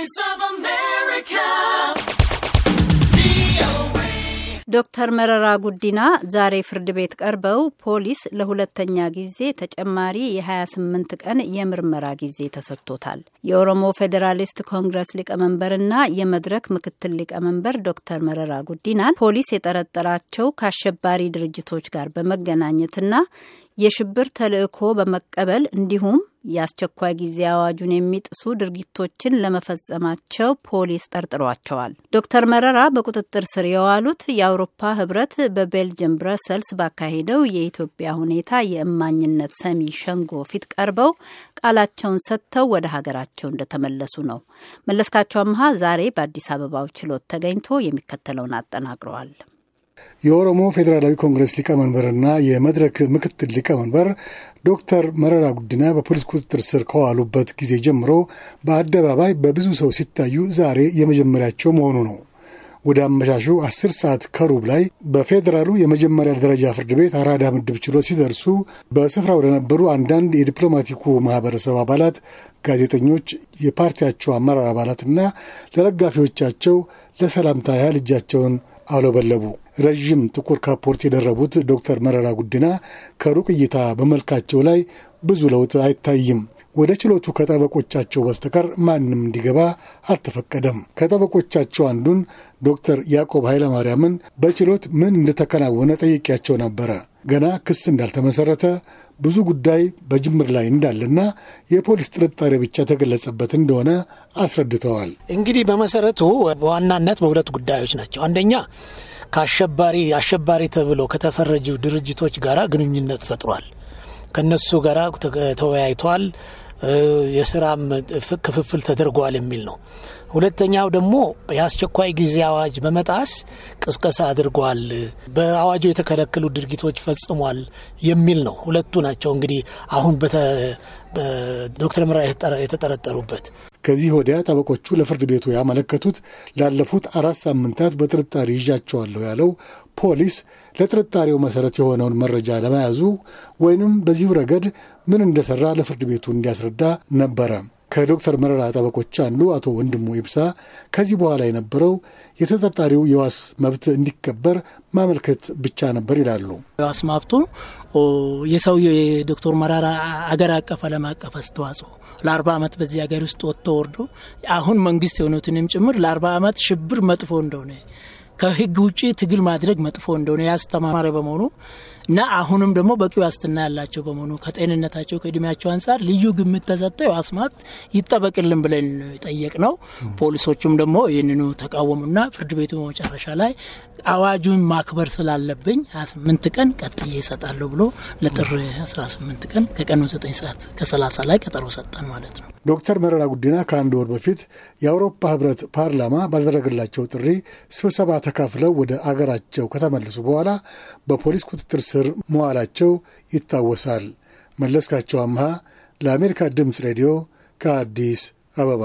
Voice ዶክተር መረራ ጉዲና ዛሬ ፍርድ ቤት ቀርበው ፖሊስ ለሁለተኛ ጊዜ ተጨማሪ የ28 ቀን የምርመራ ጊዜ ተሰጥቶታል። የኦሮሞ ፌዴራሊስት ኮንግረስ ሊቀመንበርና የመድረክ ምክትል ሊቀመንበር ዶክተር መረራ ጉዲናን ፖሊስ የጠረጠራቸው ከአሸባሪ ድርጅቶች ጋር በመገናኘትና የሽብር ተልእኮ በመቀበል እንዲሁም የአስቸኳይ ጊዜ አዋጁን የሚጥሱ ድርጊቶችን ለመፈጸማቸው ፖሊስ ጠርጥሯቸዋል። ዶክተር መረራ በቁጥጥር ስር የዋሉት የአውሮፓ ህብረት በቤልጅየም ብረሰልስ ባካሄደው የኢትዮጵያ ሁኔታ የእማኝነት ሰሚ ሸንጎ ፊት ቀርበው ቃላቸውን ሰጥተው ወደ ሀገራቸው እንደተመለሱ ነው። መለስካቸው አምሃ ዛሬ በአዲስ አበባው ችሎት ተገኝቶ የሚከተለውን አጠናቅረዋል። የኦሮሞ ፌዴራላዊ ኮንግረስ ሊቀመንበርና የመድረክ ምክትል ሊቀመንበር ዶክተር መረራ ጉዲና በፖሊስ ቁጥጥር ስር ከዋሉበት ጊዜ ጀምሮ በአደባባይ በብዙ ሰው ሲታዩ ዛሬ የመጀመሪያቸው መሆኑ ነው። ወደ አመሻሹ አስር ሰዓት ከሩብ ላይ በፌዴራሉ የመጀመሪያ ደረጃ ፍርድ ቤት አራዳ ምድብ ችሎት ሲደርሱ በስፍራው ለነበሩ አንዳንድ የዲፕሎማቲኩ ማህበረሰብ አባላት፣ ጋዜጠኞች፣ የፓርቲያቸው አመራር አባላትና ለደጋፊዎቻቸው ለሰላምታ ያህል እጃቸውን አውለበለቡ። ረዥም ጥቁር ካፖርት የደረቡት ዶክተር መረራ ጉዲና ከሩቅ እይታ በመልካቸው ላይ ብዙ ለውጥ አይታይም። ወደ ችሎቱ ከጠበቆቻቸው በስተቀር ማንም እንዲገባ አልተፈቀደም። ከጠበቆቻቸው አንዱን ዶክተር ያዕቆብ ኃይለማርያምን በችሎት ምን እንደተከናወነ ጠይቄያቸው ነበረ። ገና ክስ እንዳልተመሰረተ ብዙ ጉዳይ በጅምር ላይ እንዳለና የፖሊስ ጥርጣሬ ብቻ የተገለጸበት እንደሆነ አስረድተዋል። እንግዲህ በመሰረቱ በዋናነት በሁለት ጉዳዮች ናቸው። አንደኛ ከአሸባሪ አሸባሪ ተብሎ ከተፈረጁ ድርጅቶች ጋር ግንኙነት ፈጥሯል። ከነሱ ጋር ተወያይቷል። የስራም ክፍፍል ተደርጓል የሚል ነው። ሁለተኛው ደግሞ የአስቸኳይ ጊዜ አዋጅ በመጣስ ቅስቀሳ አድርጓል፣ በአዋጁ የተከለከሉ ድርጊቶች ፈጽሟል የሚል ነው። ሁለቱ ናቸው እንግዲህ አሁን በዶክተር ምራ የተጠረጠሩበት። ከዚህ ወዲያ ጠበቆቹ ለፍርድ ቤቱ ያመለከቱት ላለፉት አራት ሳምንታት በጥርጣሬ ይዣቸዋለሁ ያለው ፖሊስ ለጥርጣሬው መሰረት የሆነውን መረጃ ለመያዙ ወይንም በዚሁ ረገድ ምን እንደሰራ ለፍርድ ቤቱ እንዲያስረዳ ነበረ። ከዶክተር መረራ ጠበቆች አንዱ አቶ ወንድሙ ኢብሳ ከዚህ በኋላ የነበረው የተጠርጣሪው የዋስ መብት እንዲከበር ማመልከት ብቻ ነበር ይላሉ። የዋስ መብቱ የሰውየው የዶክተር መረራ አገር አቀፍ ዓለም አቀፍ አስተዋጽኦ ለአርባ ዓመት በዚህ ሀገር ውስጥ ወጥቶ ወርዶ አሁን መንግስት የሆኑትንም ጭምር ለአርባ ዓመት ሽብር መጥፎ እንደሆነ ከህግ ውጭ ትግል ማድረግ መጥፎ እንደሆነ ያስተማረ በመሆኑ እና አሁንም ደግሞ በቂ ዋስትና ያላቸው በመሆኑ ከጤንነታቸው ከእድሜያቸው አንጻር ልዩ ግምት ተሰጠው አስማት ይጠበቅልን ብለን ጠየቅ ነው። ፖሊሶቹም ደግሞ ይህንኑ ተቃወሙና ፍርድ ቤቱ በመጨረሻ ላይ አዋጁን ማክበር ስላለብኝ 28 ቀን ቀጥዬ ይሰጣለሁ ብሎ ለጥር 18 ቀን ከቀኑ 9 ሰዓት ከ30 ላይ ቀጠሮ ሰጠን ማለት ነው። ዶክተር መረራ ጉዲና ከአንድ ወር በፊት የአውሮፓ ህብረት ፓርላማ ባልደረገላቸው ጥሪ ስብሰባ ተካፍለው ወደ አገራቸው ከተመለሱ በኋላ በፖሊስ ቁጥጥር ስር መዋላቸው ይታወሳል። መለስካቸው አምሃ ለአሜሪካ ድምፅ ሬዲዮ ከአዲስ አበባ